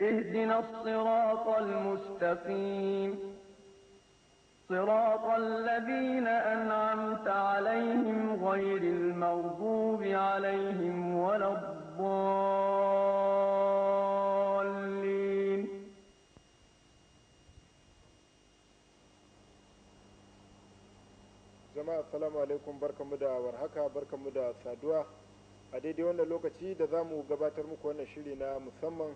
اهدنا الصراط المستقيم صراط الذين أنعمت عليهم غير المغضوب عليهم ولا الضالين جماعة السلام عليكم بركة مدى ورحكة بركة مدى سادوة أديدي وانا لوكتي دزامو قباتر مكوانا شلينا مسمم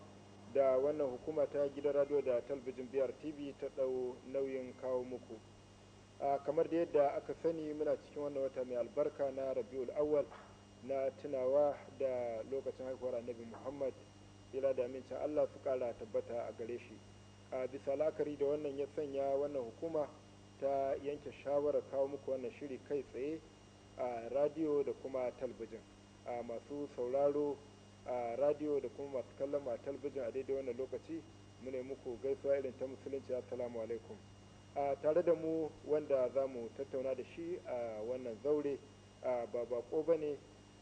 da wannan hukuma ta gidan radio da talbijin brtv ta ɗau nauyin kawo muku kamar da yadda aka sani muna cikin wannan wata mai albarka na rabiul awwal na tunawa da lokacin haihuwar annabi muhammad ila da amincin allah su kara tabbata a gare shi a bisa la'akari da wannan ya sanya wannan hukuma ta yanke shawarar kawo muku wannan shiri kai tsaye a radio da kuma talbijin a masu sauraro a radio da kuma masu kallon a talbijin a daidai wannan lokaci mu ne muku gaisuwa irin ta musulunci assalamu alaikum a tare da mu wanda za mu tattauna da shi a wannan zaure ba bako ba ne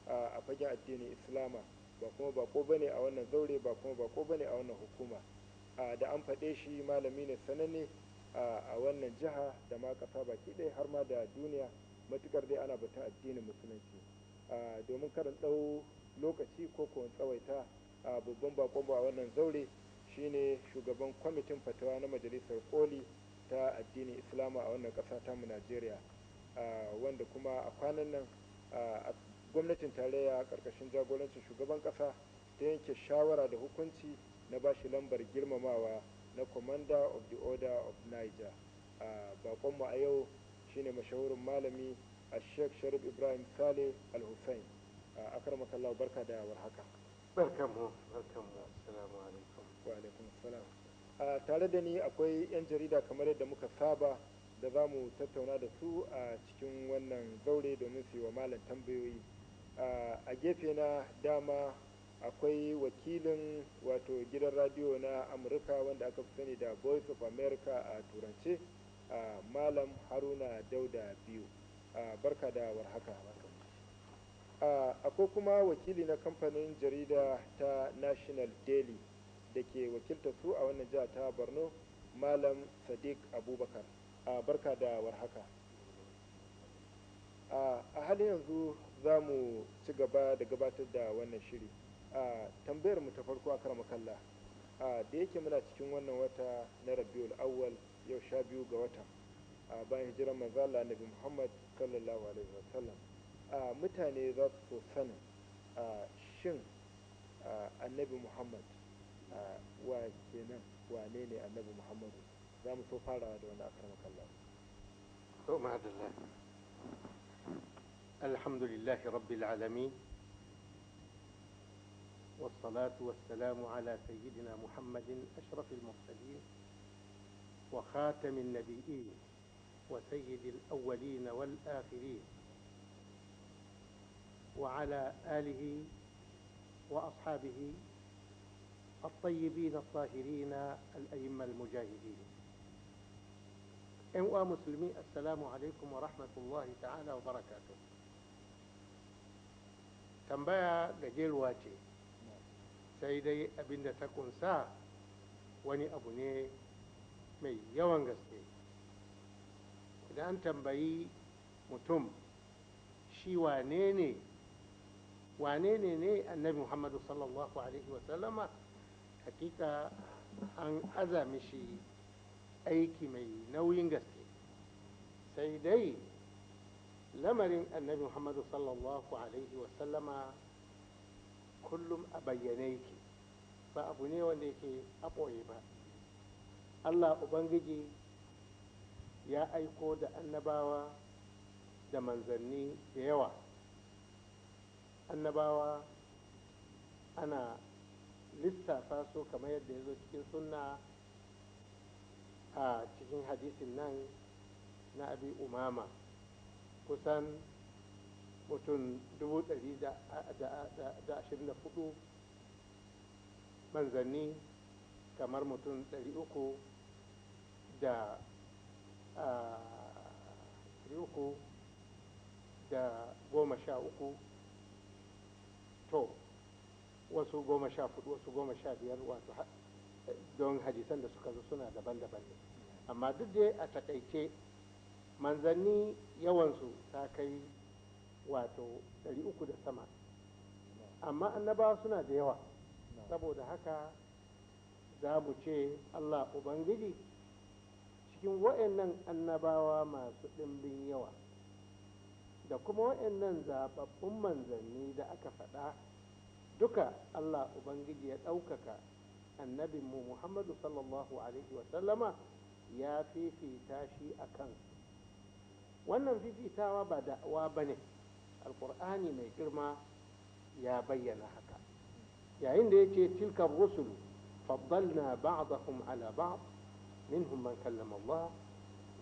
a fagen addinin islama ba kuma bako ba ne a wannan zaure ba kuma bako ba ne a wannan hukuma da an faɗe shi malami ne sananne a wannan jiha da ma ƙasa baki ɗaya har ma da duniya matukar dai ana batun addinin musulunci domin karin ɗau lokaci ko ko tsawaita a babban bakon ba wannan zaure shine shugaban kwamitin fatawa na majalisar koli ta addinin islama a wannan kasa tamu najeriya wanda kuma a kwanan nan a gwamnatin tarayya karkashin jagorancin shugaban kasa ta yanke shawara da hukunci na bashi lambar girmamawa na commander of the order of niger bakonmu a yau shine mashahurin malami a sheikh sharif ibrahim saleh al-hussein akarmaka Allah barka da warhaka barkanmu barkanmu assalamu alaikum wa alaikum assalam a tare da ni akwai yan jarida kamar yadda muka saba da za mu tattauna da su a cikin wannan zaure domin su yi wa malam tambayoyi a gefe na dama akwai wakilin wato gidan radiyo na amurka wanda aka fi sani da voice of america a turance malam haruna dauda biyu barka da warhaka akwai kuma wakili na kamfanin jarida ta national daily da ke wakiltar su a wannan jiha ta borno malam sadiq abubakar barka da warhaka a halin yanzu za mu ci gaba da gabatar da wannan shiri tambayar mu ta farko a karamakalla da yake muna cikin wannan wata na rabiul awwal yau sha biyu ga watan bayan hijirar manzala nabi muhammad sallallahu alaihi wasallam mutane za su so sanin shin annabi muhammad wa kenan wane ne annabi muhammad za mu so farawa da wani akar makallahu to ma'adallah alhamdulillahi rabbil alamin والصلاة والسلام على سيدنا محمد أشرف المرسلين وخاتم النبيين وسيد الأولين والآخرين وعلى آله وأصحابه الطيبين الطاهرين الأئمة المجاهدين إخوة مسلمين السلام عليكم ورحمة الله تعالى وبركاته تنبأ قجيل واجي سيدي أبن تكون سا وني أبني مي يوان قصدي إذا أنت تنبأي متم شي وانيني wane ne ne annabi muhammadu sallallahu alaihi wasallama hakika an aza mishi aiki mai nauyin gaske sai dai lamarin annabi muhammadu sallallahu alaihi wasallama kullum a bayyane yake ba abu ne wanda yake a ɓoye ba allah ubangiji ya aiko da annabawa da manzanni da yawa annabawa ana lissafa su kamar yadda ya zo cikin sunna a cikin hadisin nan na abi umama kusan mutum 124 manzanni kamar mutum 300 da da goma sha uku to wasu goma sha hudu wasu goma sha biyar wato don hadisan da suka zo suna daban-daban ne amma duk dai a takaice manzanni yawansu ta kai wato uku da sama amma annabawa suna da yawa saboda haka za mu ce allah ubangiji cikin wa'annan annabawa masu ɗimbin yawa da kuma waɗannan zababbun manzanni da aka faɗa duka Allah Ubangiji ya ɗaukaka annabinmu Muhammadu sallallahu Alaihi wasallama ya fifita shi a kansu wannan fifitawa ba da'awa ba ne alƙur'ani mai girma ya bayyana haka yayin da ya ce tilkar rusul faddalna ba'dahum ala ba'd minhum man kallama Allah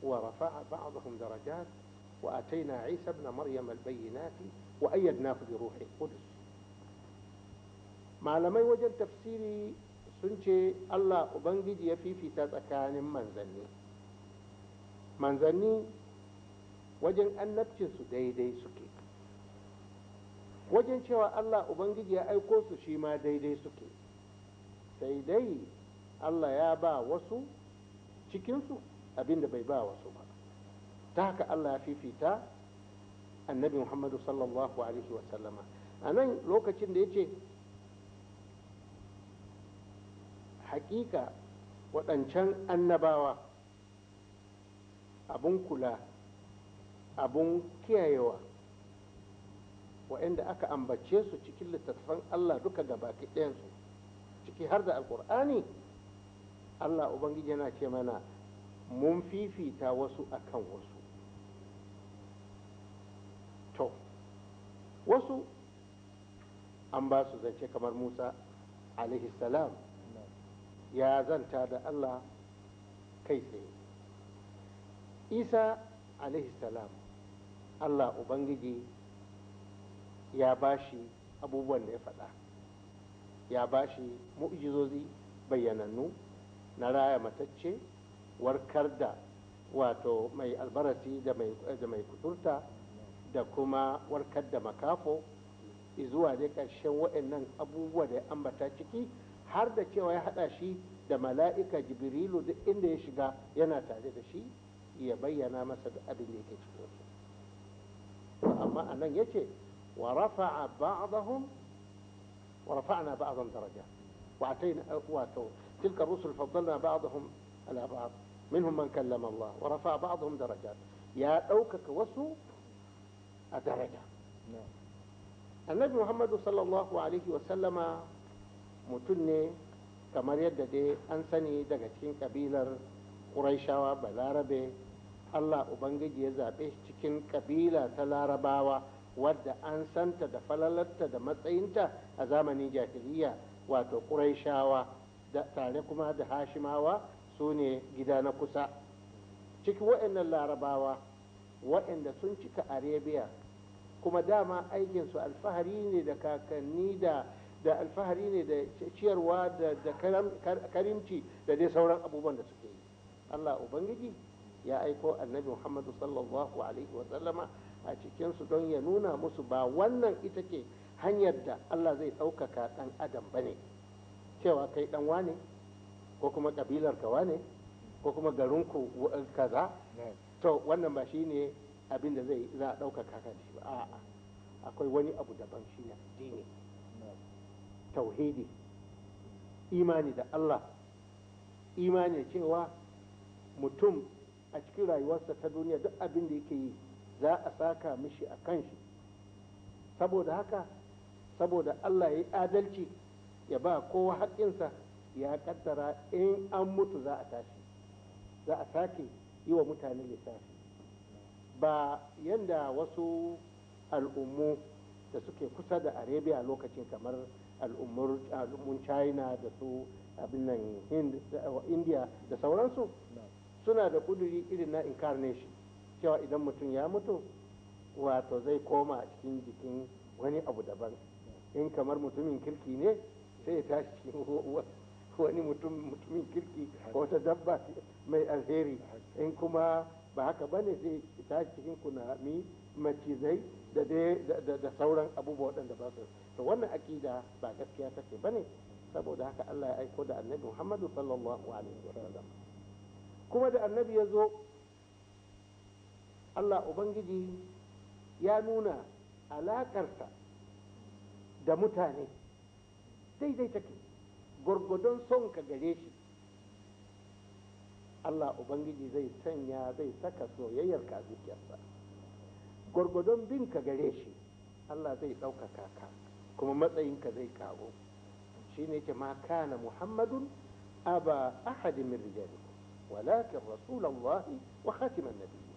wa rafa'a ba'dahum darajat وآتينا عيسى ابن مريم البينات وأيدناه بروح القدس malamai wajen tafsiri sun ce Allah Ubangiji ya fifita tsakanin manzanni manzanni wajen annabcinsu daidai suke wajen cewa Allah Ubangiji ya aiko su shima daidai suke sai dai Allah ya ba wasu cikinsu abinda bai ba wasu ba ta haka Allah ya fifita annabi Muhammadu sallallahu alaihi wasallama a nan lokacin da ya ce hakika waɗancan annabawa abun kula abun kiyayewa waɗanda aka ambace su cikin littattafan Allah duka gabaki ɗayansu ciki har da alkur'ani Allah Ubangiji yana ce mana mun fifita wasu akan wasu wasu an ba su zance kamar musa alaihi salam ya zanta da allah kai tsaye isa alaihi salam allah ubangiji ya ba shi abubuwan da ya faɗa ya ba shi mu'jizozi bayyanannu na raya matacce warkar da wato mai albarasi da mai kuturta da kuma warkar da makafo zuwa dai ƙarshen wa'annan abubuwa da ya ambata ciki har da cewa ya haɗa shi da mala'ika jibrilu duk inda ya shiga yana tare da shi ya bayyana masa da abin da yake cikinsu amma a nan ya ce wa rafa'a ba'dahum wa rafa'na ba'dahum daraja wa atayna wato tilka rusul faddalna ba'dahum ala ba'd minhum man kallama Allah wa rafa'a ba'dahum darajat ya ɗaukaka wasu a daraja annabi muhammadu sallallahu alaihi wasallama mutum ne kamar yadda dai an sani daga cikin kabilar ƙuraishawa balarabe allah ubangiji ya zaɓe cikin kabila ta larabawa wadda an santa da falalarta da matsayinta a zamanin jahiliya wato ƙuraishawa tare kuma da hashimawa su ne gida na kusa ciki waɗannan larabawa waɗanda sun cika arabia kuma dama aikinsu alfahari ne da kakanni da da alfahari ne da ciyarwa da karimci da dai sauran abubuwan da suke yi allah ubangiji ya aiko annabi muhammadu sallallahu alaihi Sallama a cikinsu don ya nuna musu ba wannan ita ce hanyar da allah zai ɗaukaka ɗan adam ba ne cewa kai ɗan wane ko kuma ƙabilar ka wane ko kuma garinku kaza to wannan ba shi ne abin da zai za a ɗaukaka kan shi ba a'a akwai wani abu daban shi ne addini tauhidi imani da Allah imani cewa mutum a cikin rayuwarsa ta duniya duk abin da yake yi za a saka mishi a kan shi saboda haka saboda Allah ya yi adalci ya ba kowa sa ya kaddara in an mutu za a tashi za a sake yi wa mutane lissafi ba yanda wasu al'ummu da suke kusa da arabia lokacin kamar al'ummun china da su abin nan india da sauransu suna da kuduri irin na incarnation cewa idan mutum ya mutu wato zai koma cikin jikin wani abu daban in kamar mutumin kirki ne sai ya tashi cikin wani mutumin kirki wata dabba mai alheri in kuma ba haka ba ne zai tashi cikin kunami macizai da sauran abubuwa waɗanda ba su to wannan aƙida ba gaskiya ta ce ba ne saboda haka Allah ya aiko da annabi Muhammadu sallallahu alaihi wasallam kuma da annabi ya zo Allah Ubangiji ya nuna alaƙarsa da mutane daidai take gwargwadon son ka gare shi Allah Ubangiji zai sanya zai saka soyayyar ka zuciyarsa gwargwadon bin ka gare shi Allah zai ɗaukaka ka kuma matsayinka zai kawo shi ne ke ma kana Muhammadun aba ahadin min rijali walakin rasulullahi wa khatiman nabiyyi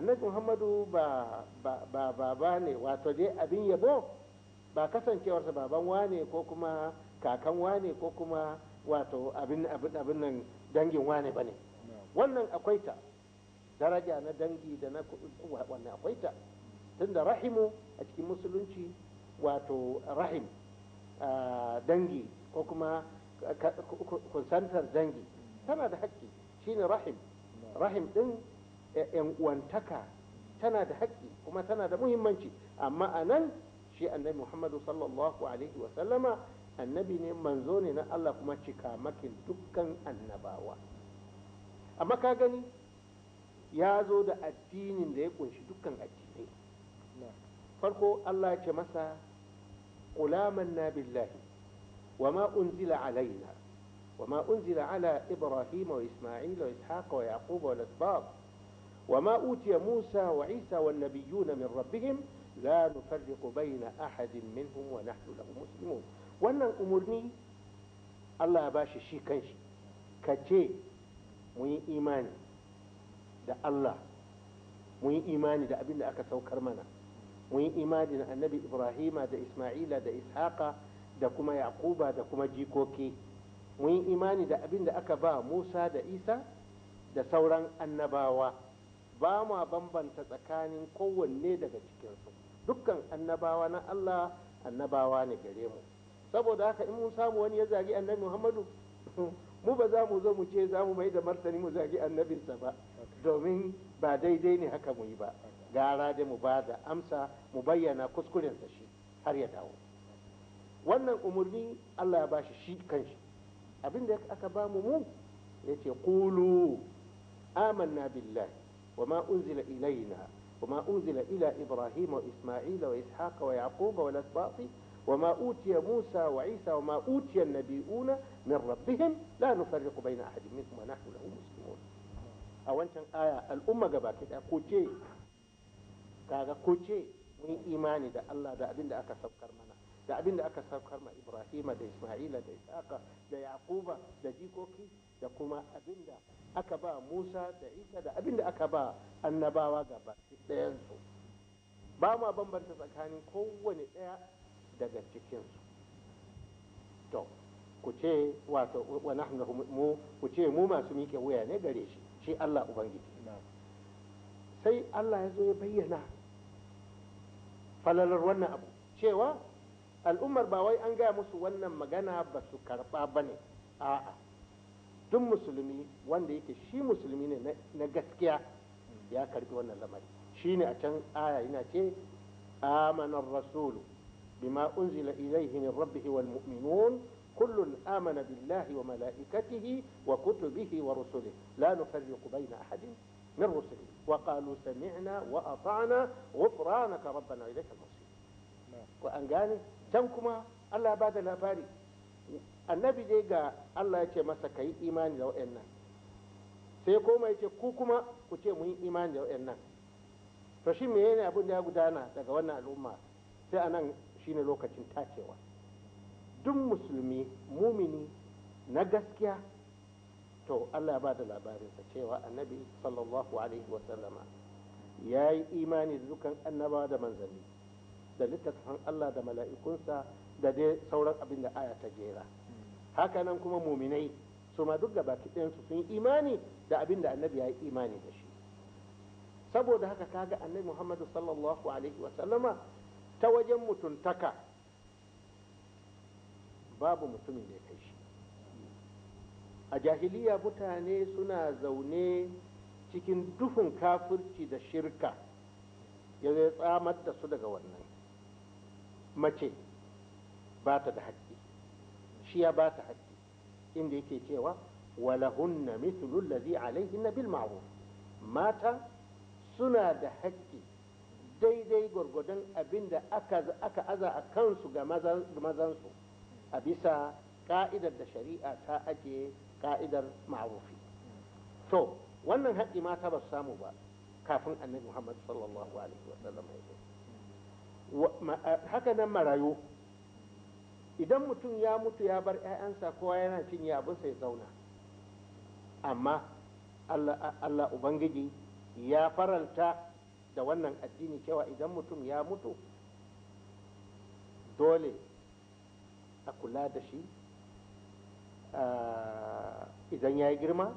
annabi Muhammadu ba ba ba ne wato dai abin yabo ba kasancewarsa baban wane ko kuma kakan wane ko kuma wato abin abin nan dangin wane bane wannan akwai ta daraja na dangi da na wannan akwai ta tunda rahimu a cikin musulunci wato rahim dangi ko kuma kusantar dangi tana da haƙƙi shine rahim rahim ɗin yan uwantaka tana da haƙƙi kuma tana da muhimmanci amma a nan shi annabi muhammadu sallallahu alaihi wa sallama annabi ne manzo ne na Allah kuma cika makin dukkan annabawa amma ka gani ya zo da addinin da ya kunshi dukkan addinai farko Allah ya ce masa qulaman na billahi wa ma unzila alaina wa ma unzila ala ibrahim wa isma'il wa ishaqa wa yaqub wa al وما أوتي موسى وعيسى والنبيون من ربهم لا نفرق بين أحد منهم ونحن له مسلمون wannan umarni Allah ya bashi shi kanshi ka ce mu yi imani da Allah mu yi imani da abin da aka saukar mana mu yi imani da annabi Ibrahima da Ismaila da Ishaqa da kuma Yaquba da kuma jikoki mu yi imani da abin da aka ba Musa da Isa da sauran annabawa ba mu bambanta tsakanin kowanne daga cikinsu dukkan annabawa na Allah annabawa ne gare mu saboda haka in mun samu wani ya zagi annabi muhammadu mu ba za mu zo mu ce za mu mai da martani mu zagi annabinsa ba domin ba daidai ne haka mu yi ba gara da mu ba da amsa mu bayyana kuskurensa shi har ya dawo wannan umarni allah ya bashi shi kanshi abin da aka ba mu mu ya ce amanna billahi wa ma unzila ilaina wa ma unzila ila ibrahim wa isma'ila wa ishaqa wa yaquba wa wa أوتي موسى وعيسى وما أوتي النبيون من ربهم لا نفرق بين أحد منهم ونحن له مسلمون a wancan aya al'umma gaba ɗaya ko ce kaga mun imani da Allah da abin da aka saukar mana da abin aka saukar ma Ibrahima da Isma'ila da Isaka da Yakuba da jikoki da kuma abin aka ba Musa da Isa da abin aka ba annabawa gaba ɗayansu ba ma bambanta tsakanin kowane ɗaya daga cikinsu to ku ce wato wa nahnu mu ku ce mu masu miƙe wuya ne gare shi shi Allah ubangiji sai Allah ya zo ya bayyana falalar wannan abu cewa al'ummar ba wai an gaya musu wannan magana ba su karɓa ba ne a'a duk musulmi wanda yake shi musulmi ne na gaskiya ya karɓi wannan lamari shine a can aya yana ce amanar rasulu بما أنزل إليه من ربه والمؤمنون كل آمن بالله وملائكته وكتبه ورسله لا نفرق بين أحد من رسله وقالوا سمعنا وأطعنا غفرانك ربنا إليك المصير وأن قال تنكما الله بعد الأباري النبي dai ga يتي ya ce masa ka yi imani da wa'annan sai koma ya ce ku kuma ku ce mun yi imani da wa'annan to shi me yana abin ya gudana daga wannan al'umma sai anan shine lokacin tacewa duk musulmi mumini na gaskiya to Allah ba da labarinsa cewa annabi sallallahu alaihi wasallama ya yi imani da dukan annaba da manzanni da littattafan Allah da mala'ikunsa da dai sauran abin da aya ta jera hakanan kuma muminai su ma duk gaba ɗayansu sun yi imani da abin da annabi ya yi imani da shi saboda haka kaga annabi muhammadu sallallahu alaihi wasallama ta wajen mutuntaka babu mutumin da ya kai shi a jahiliya mutane suna zaune cikin duhun kafirci da shirka ya zai tsamar da su daga wannan mace ba ta da haƙƙi shi ya ba ta haƙƙi inda yake cewa walahunna mithlul lazi alaihi bil ma'ruf mata suna da haƙƙi daidai gwargwadon abin da aka aza a kansu ga mazansu a bisa ka'idar da shari'a ta ake ka'idar ma'arufi to wannan haƙƙi mata ba su samu ba kafin annabi muhammad sallallahu alaihi wasallam ya haka nan marayu idan mutum ya mutu ya bar 'ya'yansa kowa yana cinye abinsa ya zauna amma allah ubangiji ya faranta. da wannan addini cewa idan mutum ya mutu dole a kula da shi idan ya yi girma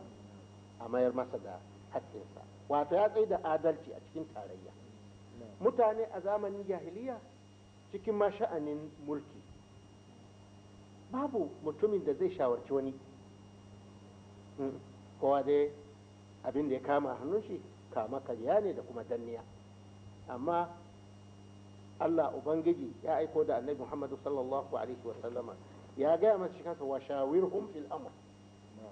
a mayar masa da haƙƙinsa wato ya tsaye da adalci a cikin tarayya mutane a zamanin jahiliya cikin ma sha'anin mulki babu mutumin da zai shawarci wani hmm, kowa dai abin da ya kama hannun shi kama karya ne da kuma danniya amma Allah ubangiji ya aiko da annabi Muhammadu sallallahu alaihi wa sallama ya gaya masa cikin sa wa shawirhum fil amr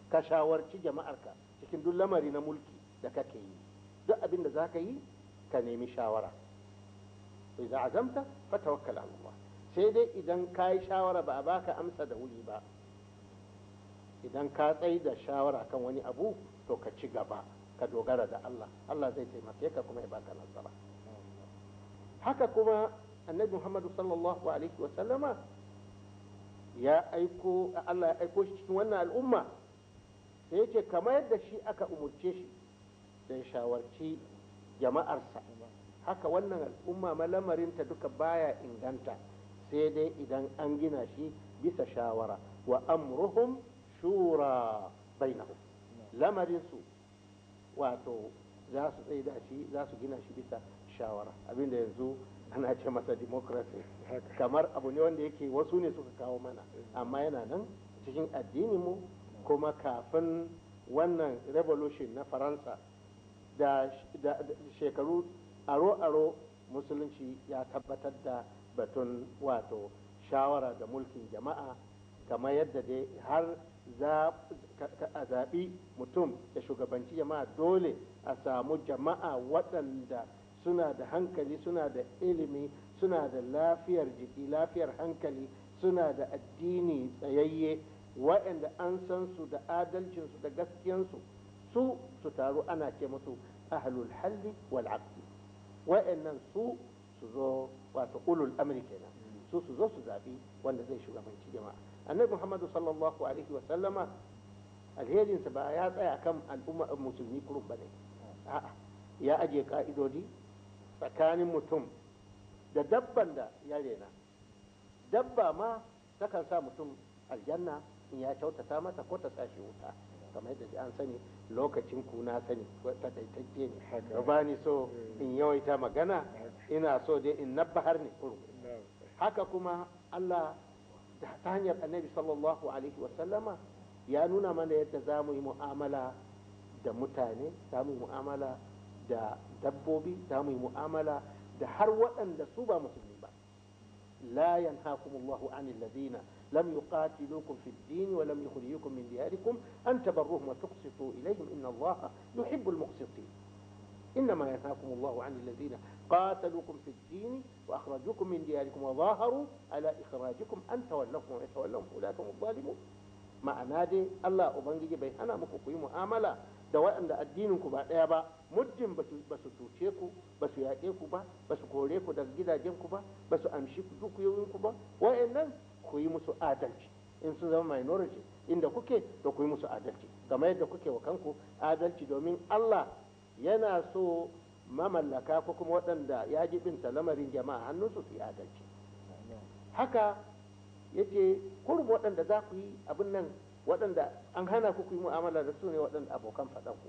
ka shawarci jama'arka cikin duk lamari na mulki da kake yi duk abin da zaka yi ka nemi shawara idan azamta fa tawakkal Allah sai dai idan ka shawara ba a baka amsa da wuri ba idan ka tsaye da shawara kan wani abu to ka ci gaba ka dogara da Allah Allah zai taimake ka kuma ya baka nasara haka kuma annabi muhammad sallallahu alaihi wa sallama ya aiko Allah ya aiko shi cikin wannan al'umma sai yace kamar yadda shi aka umurce shi da shawarci jama'arsa haka wannan al'umma malamarinta duka baya inganta sai dai idan an gina shi bisa shawara wa amruhum shura bainahum lamarin su wato za su tsaye da shi za su gina shi bisa shawara abinda yanzu ana ce masa democracy kamar abu ne wanda yake wasu ne suka kawo mana amma yana nan cikin addini mu kuma kafin wannan revolution na faransa da shekaru aro-aro musulunci ya tabbatar da batun wato shawara da mulkin jama'a kamar yadda dai har a zaɓi mutum da shugabanci jama'a dole a samu jama'a waɗanda suna da hankali suna da ilimi suna da lafiyar jiki lafiyar hankali suna da addini tsayayye waɗanda an san su da adalcinsu da gaskiyansu su su taru ana ce musu ahlul halli wal aqdi waɗannan su su zo wato ulul amri kenan su su zo su zaɓi wanda zai shugabanci jama'a annabi muhammadu sallallahu alaihi wa sallama alherinsa ba ya tsaya kan al'ummar musulmi kurum ba ne a'a ya ajiye ka'idodi tsakanin mutum da dabban da ya rena dabba ma takan sa mutum aljanna in ya kyautata mata ko ta sashi wuta kamar yadda an sani lokacin ku na sani ta daitacce ne ba ni so in yawaita magana ina so dai in nabbahar ne kurum haka kuma Allah تحتانية النبي صلى الله عليه وسلم يانونا من يتزامو معاملة دا متاني تامو معاملة دبوبي تامو مؤاملة دا أن دا صوبة لا ينهاكم الله عن الذين لم يقاتلوكم في الدين ولم يخرجوكم من دياركم أن تبروهم وتقسطوا إليهم إن الله يحب المقسطين إنما ينهاكم الله عن الذين قاتلوكم في الدين وأخرجوكم من دياركم وظاهروا على إخراجكم أن تولوكم وإن تولوهم أولئك هم الظالمون ma'ana dai Allah Ubangiji bai hana muku ku yi mu'amala da waɗanda addininku ba ɗaya ba muddin ba su cuce ku ba su yaƙe ku ba ba su kore ku daga gidajenku ba ba su amshi dukiyoyinku ba wa'annan ku yi musu adalci in sun zama minority inda kuke da ku yi musu adalci kamar yadda kuke wa kanku adalci domin Allah yana so mamallaka ko kuma waɗanda ya ji binta lamarin jama'a hannunsu su adalci haka yace kurbu waɗanda za ku yi abin nan waɗanda an hana ku yi mu'amala da su ne waɗanda abokan faɗanku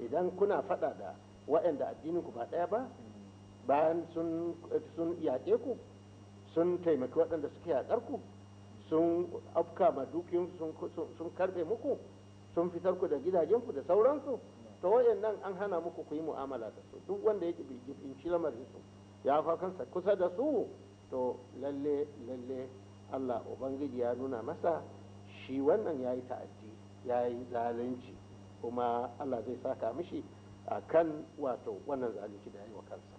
idan kuna faɗa da waɗanda addininku ba ɗaya ba bayan sun yaƙe ku sun taimaki waɗanda suke yaƙar ku sun afka ma dukiyun sun karɓe muku sun fitar ku da gidajenku da sauransu to nan an hana muku ku yi mu'amala da su duk wanda yake binci lamarin su ya fa kansa kusa da su to lalle lalle Allah ubangiji ya nuna masa shi wannan yayi ta'addi yayi zalunci kuma Allah zai saka mishi akan wato wannan zalunci da yayi wa kansa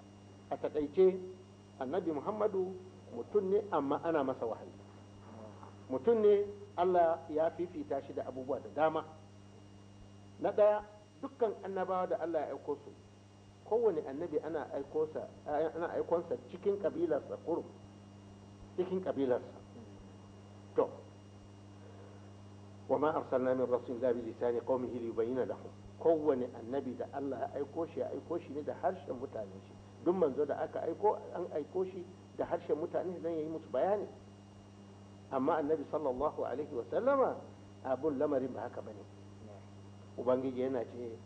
a takaice annabi Muhammadu mutum ne amma ana masa wahayi mutum ne Allah ya fifita shi da abubuwa da dama na ɗaya dukkan annabawa da Allah ya aiko su kowane annabi ana aikonsa ana aikonsa cikin kabilarsa kurum cikin kabilarsa to wa ma arsalna min rasul la bi lisani qaumihi li yubayyana lahum kowane annabi da Allah ya aiko shi ya aiko shi ne da harshen mutanen shi duk manzo da aka aiko an aiko shi da harshen mutane dan yayi musu bayani amma annabi sallallahu alaihi wa sallama abun lamarin ba haka bane ubangiji yana ce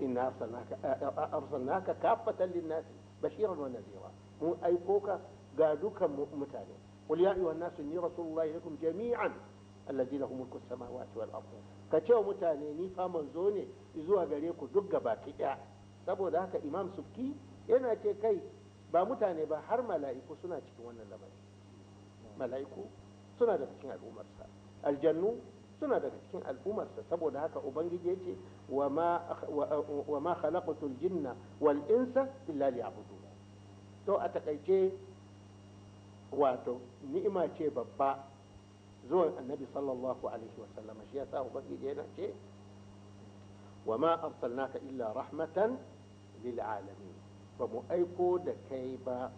inna arsalnaka arsalnaka kaffatan linnasi bashiran wa nadira mun aiko ka ga dukan mutane qul ya ayyuhan nasu inni rasulullahi lakum jami'an alladhi lahu mulku samawati wal ardh ka ce mutane ni fa manzo ne zuwa gare ku duk gaba daya saboda haka imam subki yana ce kai ba mutane ba har mala'iku suna cikin wannan lamari mala'iku suna da cikin al'ummarsa aljannu suna daga cikin al'ummarsa saboda haka ubangiji yace wa ma khalaqatul jinna wal insa illa liya'budu to a takaice wato ni'ima ce babba zuwan annabi sallallahu alaihi wasallam shi yasa ubangiji yana ce wa ma arsalnaka illa rahmatan lil alamin ba mu aiko da kai ba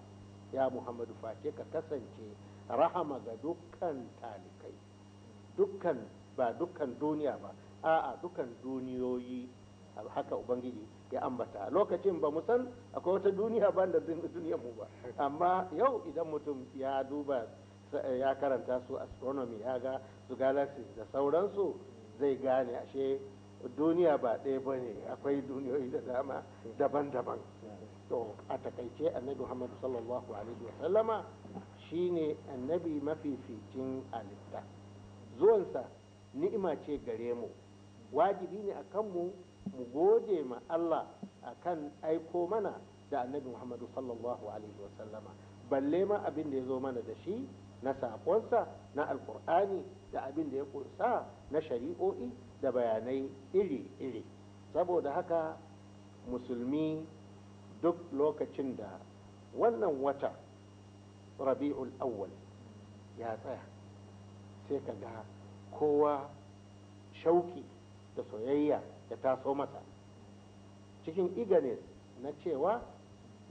ya muhammadu face ka kasance rahama ga dukkan talikai dukkan ba dukkan duniya ba a'a dukkan duniyoyi haka ubangiji ya ambata lokacin ba mu san akwai wata duniya ba da duniyar mu ba amma yau idan mutum ya duba ya karanta su astronomy ya ga su galaxy da sauransu zai gane ashe duniya ba ɗaya ba ne akwai duniyoyi da dama daban-daban to a takaice annabi muhammadu sallallahu alaihi wa sallama shine annabi mafi mafificin halitta zuwansa ni'ima ce gare mu wajibi ne a kanmu mu gode ma Allah a kan aiko mana da annabi Muhammadu sallallahu alaihi wasallama balle ma abin da ya zo mana da shi na saƙonsa na alkur'ani da abin da ya ƙunsa na shari'o'i da bayanai iri-iri saboda haka musulmi duk lokacin da wannan wata rabi'ul awwal ya tsaya sai ka ga kowa shauki da soyayya da taso mata, cikin iganes na cewa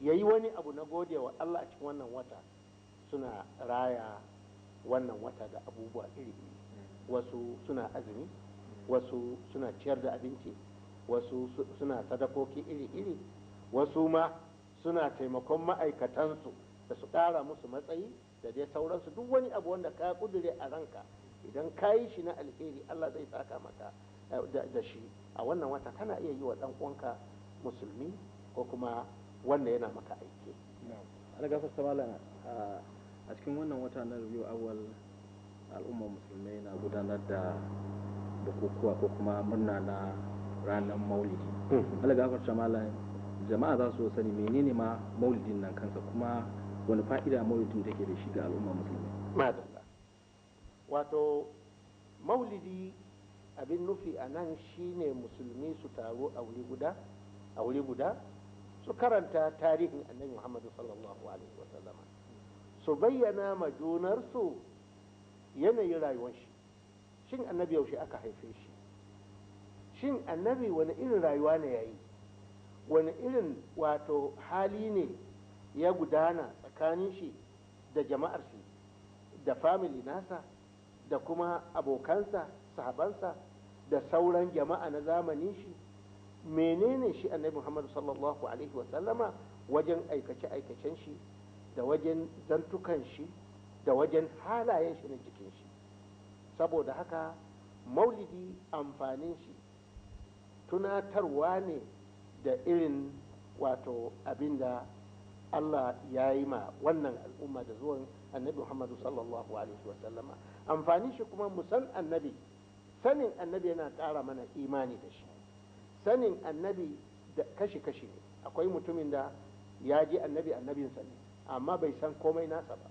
ya yi wani abu na godewa Allah a cikin wannan wata suna raya wannan wata da abubuwa iri wasu suna azumi wasu suna ciyar da abinci wasu suna sadakoki iri-iri wasu ma suna taimakon ma'aikatansu da su ƙara musu matsayi da dai sauransu duk wani abu wanda ka kudure a ranka idan ka yi shi na alheri Allah zai saka maka eh, da shi a wannan wata kana iya yi wa dan uwanka musulmi ko kuma wanda yana maka aiki alga fasta mala a cikin wannan wata na rabiu awal al'umma musulmai na gudanar da bukukuwa ko kuma murna na ranar maulidi hmm. alga fasta malam jama'a za su sani menene ma maulidin nan kansa kuma wani fa'ida maulidin take da shi ga al'umma musulmai wato maulidi abin nufi a nan ne musulmi su taru a wuri guda su karanta tarihin annabi muhammadu sallallahu alaihi wasallama su bayyana ma junarsu yanayin rayuwar shi shin annabi yaushe aka haife shi shin annabi wani irin rayuwa ne yayi wani irin wato hali ne ya gudana tsakanin shi da jama'ar shi da famili nasa da kuma abokansa sahabansa da sauran jama'a na zamanin shi menene shi annabi muhammad sallallahu alaihi wa sallama wajen aikace-aikacen shi da wajen zantukan shi da wajen halayen shi na jikin shi saboda haka maulidi amfanin shi tunatarwa ne da irin wato abinda Allah ya yi ma wannan al'umma da zuwan annabi Muhammadu sallallahu alaihi wa sallama amfani shi kuma mu san annabi sanin annabi yana ƙara mana imani da shi sanin annabi da kashi-kashi akwai mutumin da ya ji annabi annabinsa ne amma bai san komai nasa ba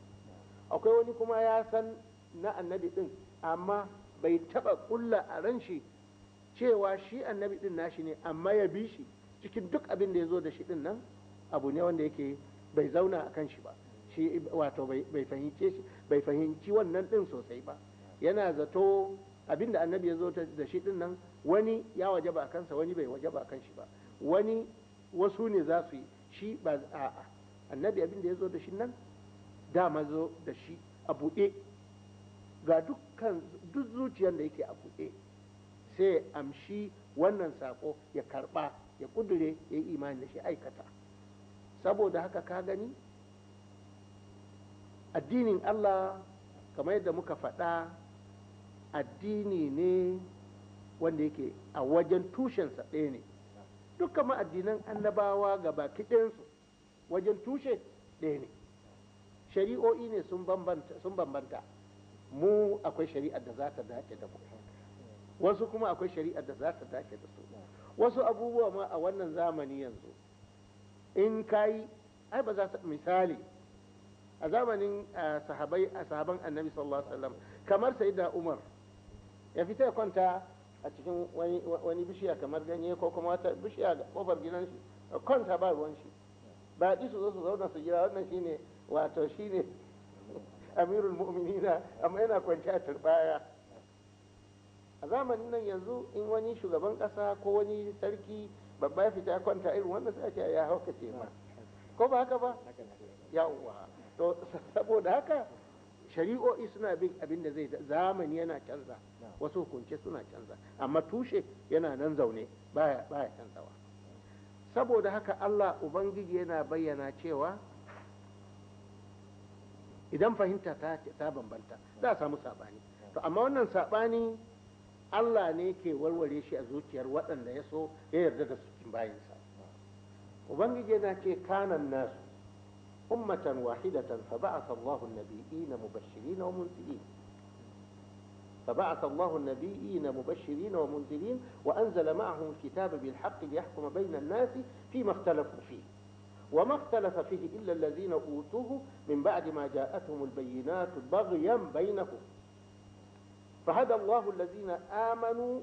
akwai wani kuma ya san na annabi din amma bai taba kulla a ran shi cewa shi annabi din nashi ne amma ya bi shi cikin duk abin da ya zo da shi din nan abu ne wanda yake bai zauna a kan shi ba shi wato bai fahimce shi bai fahimci wannan din sosai ba yana zato abinda annabi ya zo da shi din nan wani ya waje ba kansa wani bai waje ba kan shi ba wani wasu ne za su yi shi ba a'a annabi abinda ya zo da shi nan dama zo da shi a buɗe ga dukkan duk zuciyar da yake a buɗe sai amshi wannan sako ya karba ya kudure ya yi imani da shi aikata saboda haka ka gani addinin Allah kamar yadda muka faɗa addini ne wanda yake a wajen tushensa ɗaya ne duk kamar addinan annabawa baki kiɗinsu wajen tushe ɗaya ne shari'o'i ne sun bambanta mu akwai shari'ar da za ta dace da mu wasu kuma akwai shari'ar da za ta dace da su wasu abubuwa ma a wannan zamani yanzu in kayi ai ba za ta misali a zamanin eh, sahabai a sahaban annabi sallallahu alaihi wasallam kamar sayyida umar ya fita ya kwanta a cikin wani bishiya kamar ganye ko kuma wata bishiya ga kofar gidan shi kwanta ba ruwan shi ba su zo su zauna su jira wannan shine wato shine amirul mu'minina amma yana kwanci a turbaya a zamanin nan yanzu in wani shugaban kasa ko wani sarki babba ya fita kwanta irin wanda sai a ce ya ce ma ko ba haka ba ya uwa to saboda haka shari'o'i suna bin abin da zai zamani yana canza wasu hukunce suna canza amma tushe yana nan zaune baya baya canzawa saboda haka Allah ubangiji yana bayyana cewa idan fahimta ta bambanta za a samu sabani to amma wannan sabani Allah ne ke warware shi a zuciyar waɗanda ya so ya yarda da su cikin bayansa ubangiji yana ce kanan nasu أمة واحدة فبعث الله النبيين مبشرين ومنذرين فبعث الله النبيين مبشرين ومنذرين وأنزل معهم الكتاب بالحق ليحكم بين الناس فيما اختلفوا فيه وما اختلف فيه إلا الذين أوتوه من بعد ما جاءتهم البينات بغيا بينهم فهدى الله الذين آمنوا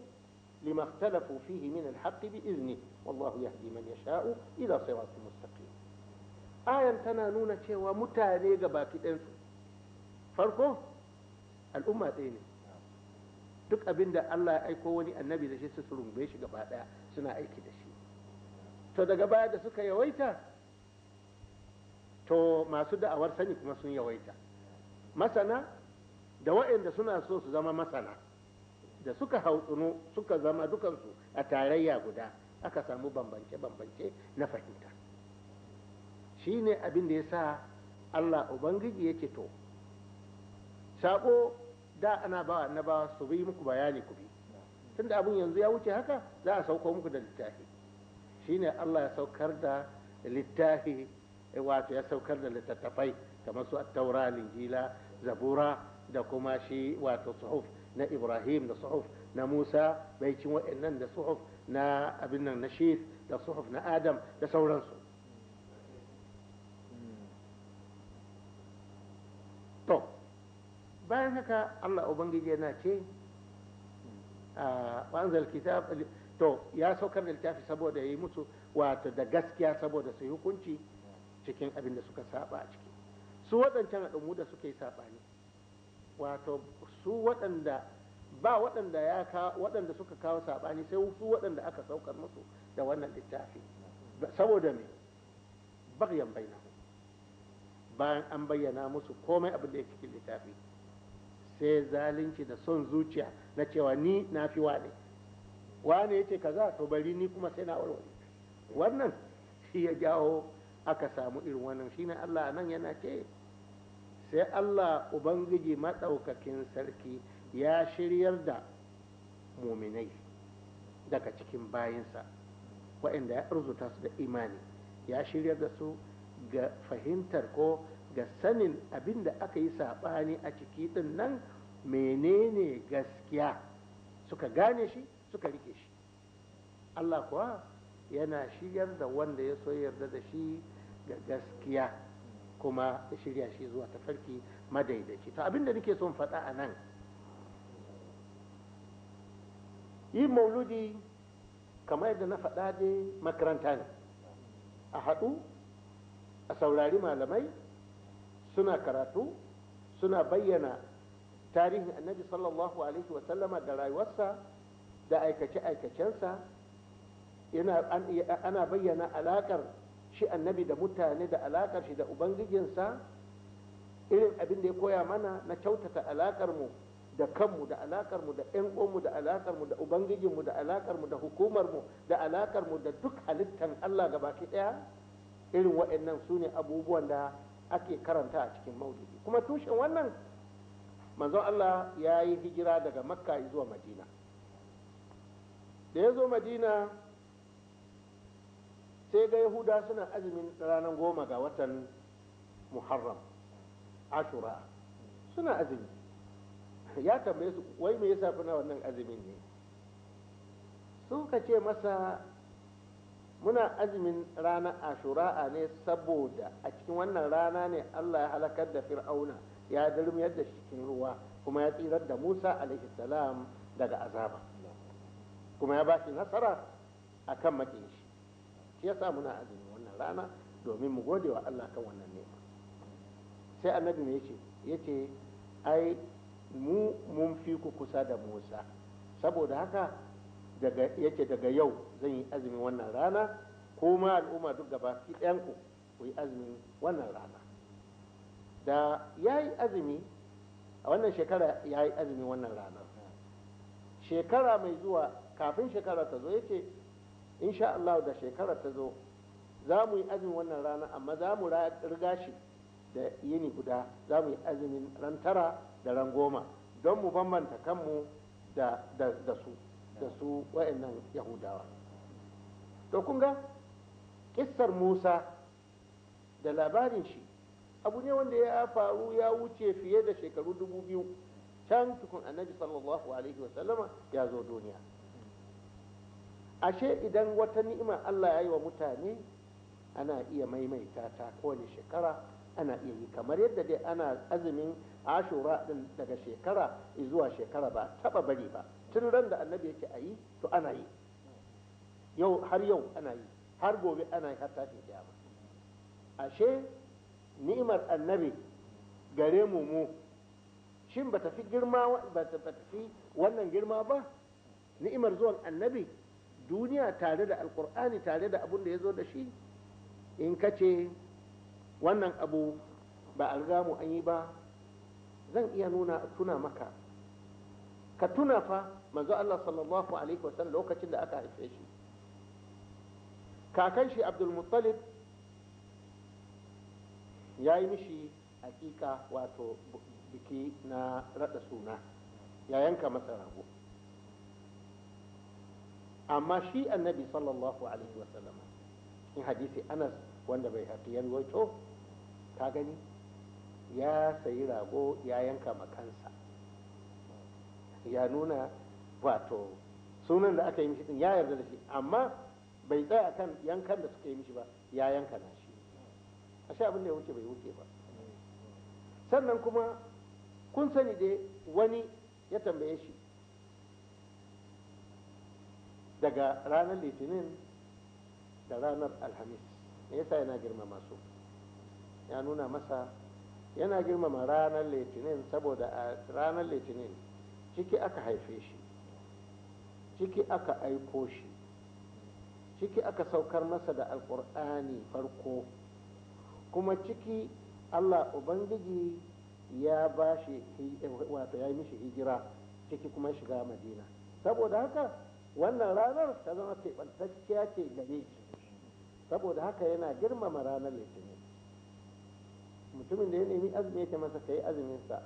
لما اختلفوا فيه من الحق بإذنه والله يهدي من يشاء إلى صراط مستقيم ayan tana nuna cewa mutane ga baki ɗansu farko al'umma ɗaya ne duk abin da Allah ya aiko wani annabi da shi su rungume shi gaba ɗaya suna aiki da shi to daga baya da suka yawaita to masu da'awar sani kuma sun yawaita masana da waɗanda suna so su zama masana da suka hautsuno suka zama dukansu a tarayya guda aka samu bambance-bambance na fahimta shi ne abin da ya sa Allah Ubangiji ce to saƙo da ana ba naba su bi muku bayani ku bi tunda abin yanzu ya wuce haka za a sauko muku da littafi Shi ne Allah ya saukar da littafi eh, wato ya saukar da littattafai kamar su attaura linjila zabura da kuma shi wato suhuf na ibrahim da suhuf na musa baicin wa'annan da suhuf na abin nan na shif da suhuf na adam da sauransu bayan haka Allah ubangiji yana ce a ɓanzar kitab to ya saukar da littafi saboda ya yi musu wato da gaskiya saboda su yi hukunci cikin abin da suka saba a ciki su waɗancan al'ummu da suka yi saɓani wato su waɗanda ba waɗanda ya waɗanda suka kawo saɓani sai su waɗanda aka saukar musu da wannan littafi saboda me bayan an bayyana musu komai abin da ya cikin littafi sai zalunci da son zuciya na cewa ni na fi wane wane yace kaza to bari ni kuma sai na warware wannan shi ya jawo aka samu irin wannan shi na Allah nan yana ce sai Allah ubangiji maɗaukakin sarki ya shiryar da muminai daga cikin bayinsa waɗanda ya arzuta su da imani ya shiryar da su ga fahimtar ko ga sanin abin da aka yi saɓani a ciki ɗin nan menene gaskiya suka gane shi suka rike shi Allah kuwa yana shiryar da wanda ya so yarda da shi ga gaskiya kuma ya shirya shi zuwa tafarki madaidaci to abin da nake son faɗa a nan yi mauludi kamar yadda na faɗa dai makaranta ne a haɗu a saurari malamai suna karatu suna bayyana tarihin annabi sallallahu alaihi wasallama da rayuwarsa da aikace-aikacensa ana bayyana alakar shi annabi da mutane da alakar shi da ubangijinsa irin abin da ya koya mana na kyautata alakar da kanmu da alakar da yan uwanmu da alakar da ubangijinmu da alakar da hukumar da alakar da duk halittan Allah gabaki ɗaya irin waɗannan su abubuwan da ake karanta a cikin maududi kuma tushen wannan manzon Allah ya yi hijira daga makka zuwa madina da ya zo madina sai ga yahuda suna azumin ranar goma ga watan muharram ashura suna azumi ya tambaye su wai me yasa na wannan azumin ne suka ce masa muna azumin rana ashura'a ne saboda a cikin wannan rana ne Allah ya halakar da fir'auna ya durmiyar da shi cikin ruwa kuma ya tsirar da Musa alaihi daga azaba kuma ya ba shi nasara akan makin shi shi yasa muna azumin wannan rana domin mu gode wa Allah kan wannan nema sai annabi ne ya ce ai mu mun fi ku kusa da Musa saboda haka daga yake daga yau zan yi azumin wannan rana ko ma al'umma duk gaba ki ɗayan ku yi azumin wannan rana da ya yi azumi a wannan shekara ya yi azumin wannan rana shekara mai zuwa kafin shekara ta zo ya ce insha Allah da shekara ta zo za mu yi azumin wannan rana amma za mu riga shi da yini guda za mu yi azumin ran tara da ran goma don mu bambanta kanmu da su da su wa'annan yahudawa to kun ga kissar musa da labarin shi abu ne wanda ya faru ya wuce fiye da shekaru dubu biyu can tukun annabi sallallahu alaihi wasallama ya zo duniya ashe idan wata ni'ima allah ya yi wa mutane ana iya maimaita ta kowane shekara ana iya yi kamar yadda dai ana azumin ashura daga shekara zuwa shekara ba taba bari ba tun ran da annabi yake a yi to ana yi yau har yau ana yi har gobe ana yi har tashin kiyama ashe ni'imar annabi gare mu mu shin ba fi girma ba fi wannan girma ba ni'imar zuwan annabi duniya tare da alkur'ani tare da abun da ya zo da shi in ka ce wannan abu ba a an yi ba zan iya nuna tuna maka ka tuna fa manzo Allah sallallahu alaihi wasallam lokacin da aka haife shi kakan shi Abdul Muttalib ya yi mishi hakika wato biki na rada suna ya yanka masa rago amma shi annabi sallallahu alaihi wasallam in hadisi Anas wanda bai haƙi yalwato ka gani ya sayi rago ya yanka makansa ya nuna wato sunan da aka yi mishi din ya yarda da shi amma bai tsaya kan yankan da suka yi mishi ba ya yanka na shi ashe abin da ya wuce bai wuce ba sannan kuma kun sani dai wani ya tambaye shi daga ranar litinin da ranar alhamis me yasa yana girmama masu ya nuna masa yana girmama ranar litinin saboda a ranar litinin ciki aka haife shi ciki aka aiko shi ciki aka saukar masa da alkur'ani farko kuma ciki allah ubangiji ya ba shi wato ya yi mishi hijira ciki kuma shiga madina saboda haka wannan ranar ta zama keɓantacciya ce gare shi saboda haka yana girmama ranar litinin mutumin da ya nemi azumi yake masa ka yi azuminsa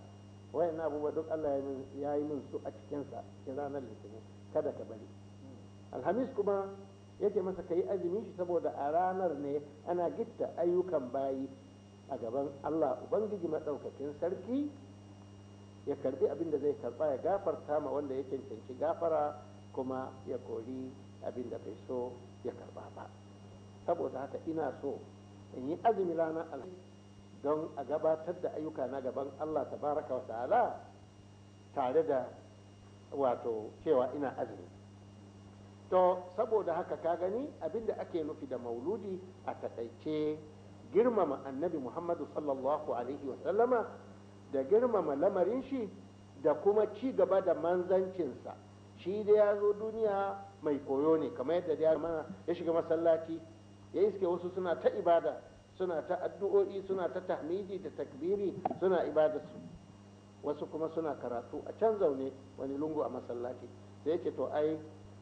wayan abubuwa duk allah ya yi min su a cikinsa cikin ranar litinin kada ka bari alhamis kuma yake masa ka yi azumin shi saboda a ranar ne ana gitta ayyukan bayi a gaban allah ubangiji maɗaukakin sarki ya karbi abin da zai karba ya gafarta ma wanda ya cancanci gafara kuma ya kori abin da bai so ya karba ba saboda haka ina so in yi azumi ranar alhamis don a gabatar da ayyuka na gaban allah tabaraka wa ta'ala tare da wato cewa ina azumi to saboda haka ka gani abinda ake nufi da mauludi a takaice girmama annabi muhammadu sallallahu alaihi wasallama da girmama lamarin shi da kuma ci gaba da manzancinsa shi da ya zo duniya mai koyo ne kamar yadda ya shiga masallaci ya iske wasu suna ta ibada suna ta addu'o'i suna ta tahmidi da takbiri suna ibadarsu wasu kuma suna karatu a can zaune wani lungu a masallaci sai yake to ai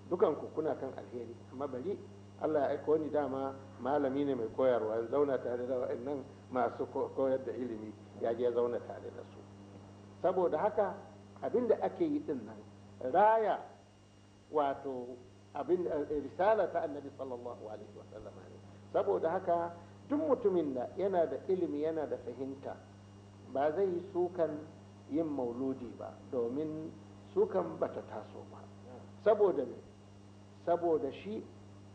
dukanku kuna kan alheri amma bari Allah ya aiko ni dama malami ne mai koyarwa ya zauna tare da wa'annan masu koyar da ilimi ya je zauna tare da su saboda haka abin da ake yi din nan raya wato abin eh, risala ta annabi sallallahu alaihi wa sallam saboda haka duk mutumin da yana da ilimi yana da fahimta ba zai yi sukan yin mauludi ba domin sukan bata taso ba saboda me saboda shi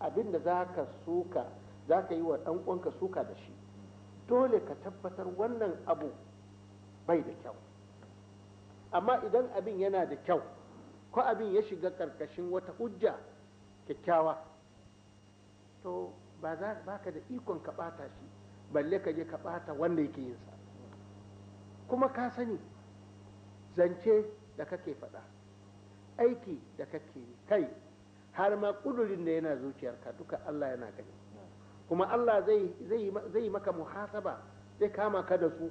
abinda za ka suka za ka yi wa ɗan'uwanka suka da shi dole ka tabbatar wannan abu bai da kyau amma idan abin yana da kyau ko abin ya shiga ƙarƙashin wata hujja kyakkyawa to ba za ka da ikon ka ɓata shi balle ka je ka ɓata wanda yake yinsa kuma ka sani zance da kake faɗa aiki da kake kai har ma kudurin da yana zuciyarka duka Allah yana gani kuma Allah zai yi maka muhasaba zai kama ka da su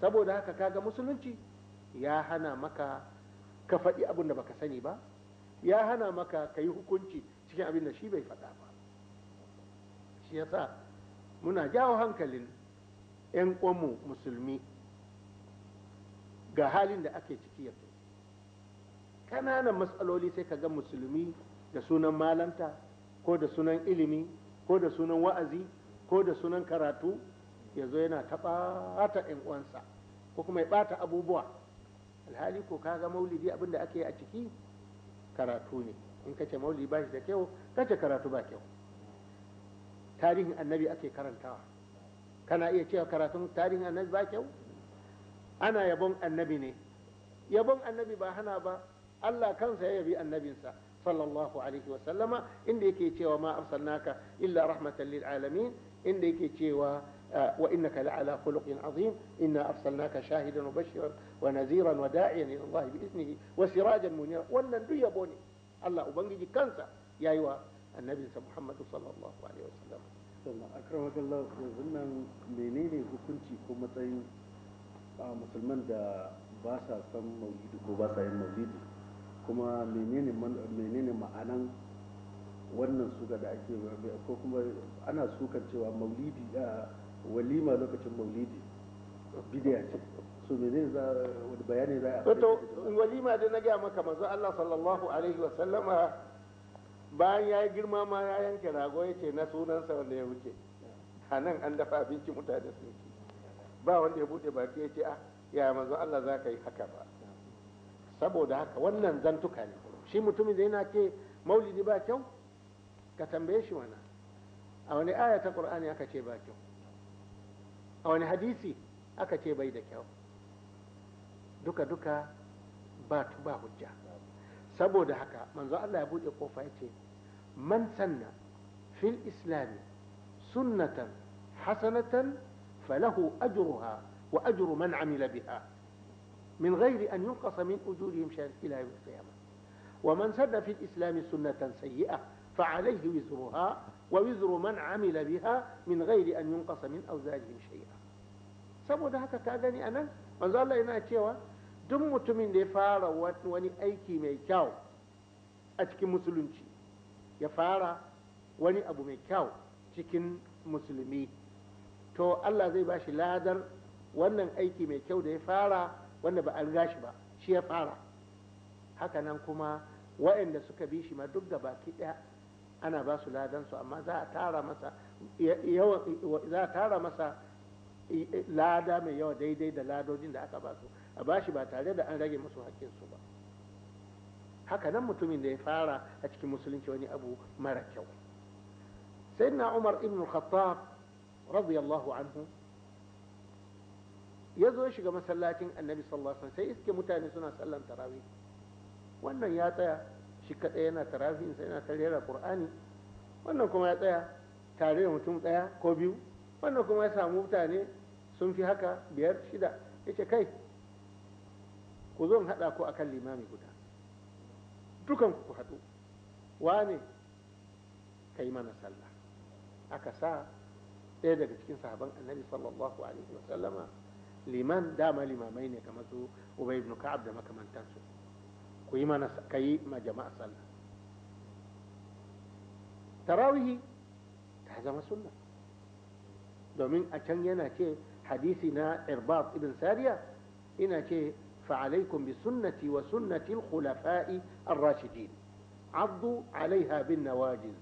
saboda haka kaga musulunci ya hana maka ka faɗi abin da baka sani ba ya hana maka ka yi hukunci cikin abin da shi bai faɗa ba shi yasa muna jawo hankalin 'yan uwanmu musulmi ga halin da ake ciki yanzu ƙananan matsaloli sai ka ga musulmi da sunan malanta ko da sunan ilimi ko da sunan wa'azi ko da sunan karatu ya zo yana ɓata ‘yan uwansa ko kuma ya ɓata abubuwa alhali ko kaga maulidi abinda ake yi a ciki karatu ne in kace maulidi ba shi da kyau kace karatu ba kyau tarihin annabi ake karantawa kana iya cewa karatun tarihin annabi ba kyau ana yabon annabi ne yabon annabi ba hana ba Allah kansa ya yabi annabinsa sallallahu alaihi wasallama inda yake cewa ma arsalnaka illa rahmatan lil alamin inda yake cewa ah, wa innaka la'ala khuluqin azim inna arsalnaka shahidan wa bashiran wa naziran wa da'iyan ila Allah bi iznihi wa sirajan munira wannan duk yabo ne Allah ubangiji kansa yayi wa annabinsa Muhammadu sallallahu alaihi wasallam sallallahu akramakallahu yanzu nan menene hukunci ko matsayin musulman da ba sa san maulidi ko ba sa yin maulidi kuma menene ma'anan wannan suka da ake ko kuma ana sukan cewa maulidi walima lokacin maulidi bidiya ce so menene za wani bayani za a to walima da na gaya maka manzo Allah sallallahu alaihi wa sallama bayan ya yi girma ma ya yanke rago ya ce na sunansa wanda ya wuce a nan an dafa abinci mutane sun ci ba wanda ya bude baki ya ce a, ah, ya manzo Allah za ka yi haka ba saboda haka wannan zantuka ne shi mutumin da yana ce maulidi ba kyau ka tambaye shi wani a wani aya ta qur'ani aka ce ba kyau a wani hadisi aka ce bai da kyau duka duka ba ba hujja saboda haka manzo Allah ya bude kofa ya ce man sanna fil islami sunnatan hasanatan فله أجرها وأجر من عمل بها من غير أن ينقص من أجورهم شيئا إلى يوم القيامة ومن سد في الإسلام سنة سيئة فعليه وزرها ووزر من عمل بها من غير أن ينقص من أوزارهم شيئا saboda haka هكا gani أنا من Allah yana cewa duk mutumin da ya fara wani aiki mai kyau a cikin musulunci ya fara wani abu mai kyau to Allah zai ba shi ladar wannan aiki mai kyau da ya fara wanda ba an gashi ba shi ya fara hakanan kuma waɗanda suka bi shi ma duk da baki ɗaya ana ba su ladansu amma za a tara masa yawa za a tara masa lada mai yawa daidai da ladojin da aka ba su a ba shi ba tare da an rage musu su ba hakanan mutumin da ya fara a cikin musulunci wani abu mara kyau sai na umar ibn khattab radiyallahu anhu ya zo shiga masallacin annabi sallallahu alaihi sai iske mutane suna sallan tarawih wannan ya tsaya shi kadai yana tarawihin sai yana qur'ani wannan kuma ya tsaya tare da mutum daya ko biyu wannan kuma ya samu mutane sun fi haka biyar shida yace kai ku zo in hada ku akan limami guda dukanku ku haɗu wane kai mana sallah aka sa ɗaya daga cikin sahaban annabi sallallahu alaihi wa sallama liman dama limamai ne kamar su ubay ibn ka'ab da makamantansu ku yi mana kai ma jama'a sallah tarawihi ta zama sunna domin a can yana ce hadisi na irbat ibn sariya ina ce فعليكم بسنتي وسنة الخلفاء الراشدين عضوا عليها بالنواجذ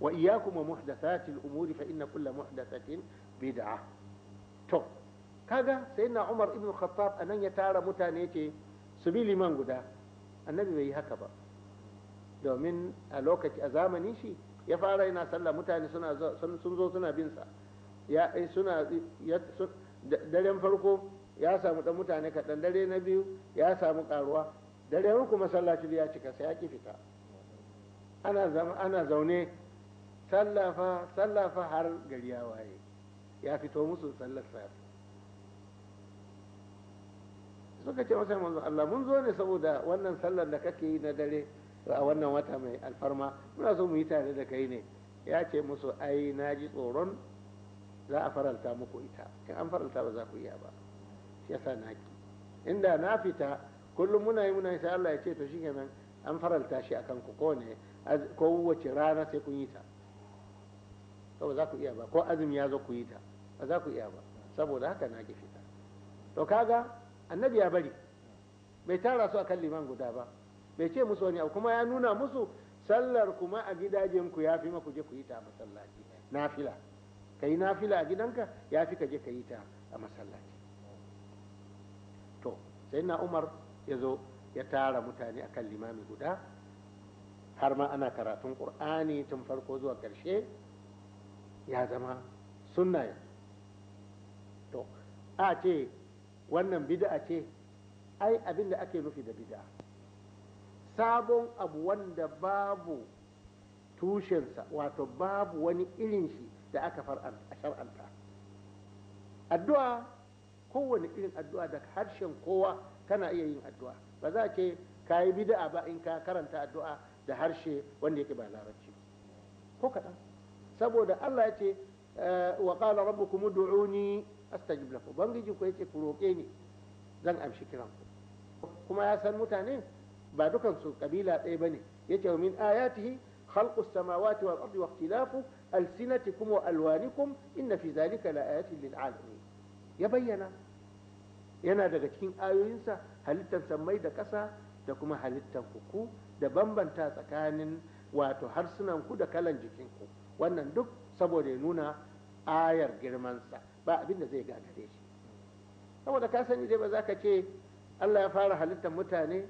wa iyyakum wa muhdathatil umuri fa inna kulla muhdathatin bid'a to kaga sai na Umar ibn Khattab anan ya tara mutane ce su bi liman guda annabi bai yi haka ba domin a lokaci a zamanin shi ya fara yana sallah mutane suna sun zo suna bin sa ya eh, suna daren farko ya samu dan mutane kaɗan dare na biyu ya samu karuwa dare uku masallaci ya cika sai ya ki fita ana zaune sallafa sallafa har gari ya waye ya fito musu sallar safi suka ce masa manzo Allah mun zo ne saboda wannan sallar da kake yi na dare a wannan wata mai alfarma muna so mu yi tare da kai ne ya ce musu ai na ji tsoron za a faranta muku ita in an faranta ba za ku iya ba shi yasa na ki inda na fita kullum muna yi muna yi sai Allah ya ce to kenan an faranta shi akan ku ko ne ko wace rana sai kun yi ta saboda za ku iya ba ko azumi ya zo ku yi ta ba za ku iya ba saboda haka na ki fita to kaga annabi ya bari bai tara su akan liman guda ba bai ce musu wani abu kuma ya nuna musu sallar kuma a gidajen ku ya fi maku je ku yi ta masallaci nafila ka yi nafila a gidanka ya fi ka je ka yi ta a masallaci to sai na umar ya zo ya tara mutane akan limami guda har ma ana karatun ƙur'ani tun farko zuwa ƙarshe ya zama sunna to a ce wannan bid'a ce ai abin da ake nufi da bid'a sabon abu wanda babu tushensa wato babu wani irin shi da aka shar'anta addu'a kowane irin addu'a da harshen kowa kana iya yin addu'a ba za ce ka yi bid'a ba in ka karanta addu'a da harshe wanda yake ba larabci ko kaɗan saboda Allah ya ce eh, wa qala rabbukum ud'uni astajib lakum ubangiji ku yace ku roke ni zan amshi kiran ku kuma ya san mutane ba dukan su kabila ɗaya bane yace min ayatihi khalqus samawati wal ardi wa ikhtilafu alsinatikum wa alwanikum inna fi dhalika la ayatin lil alamin ya bayyana yana daga cikin ayoyinsa halittar sammai da ƙasa da kuma halittar kuku da bambanta tsakanin wato harsunan ku da kalan jikinku wannan duk saboda ya nuna ayar girmansa ba abin da zai gagare shi saboda ka sani dai ba za ka ce Allah ya fara halittar mutane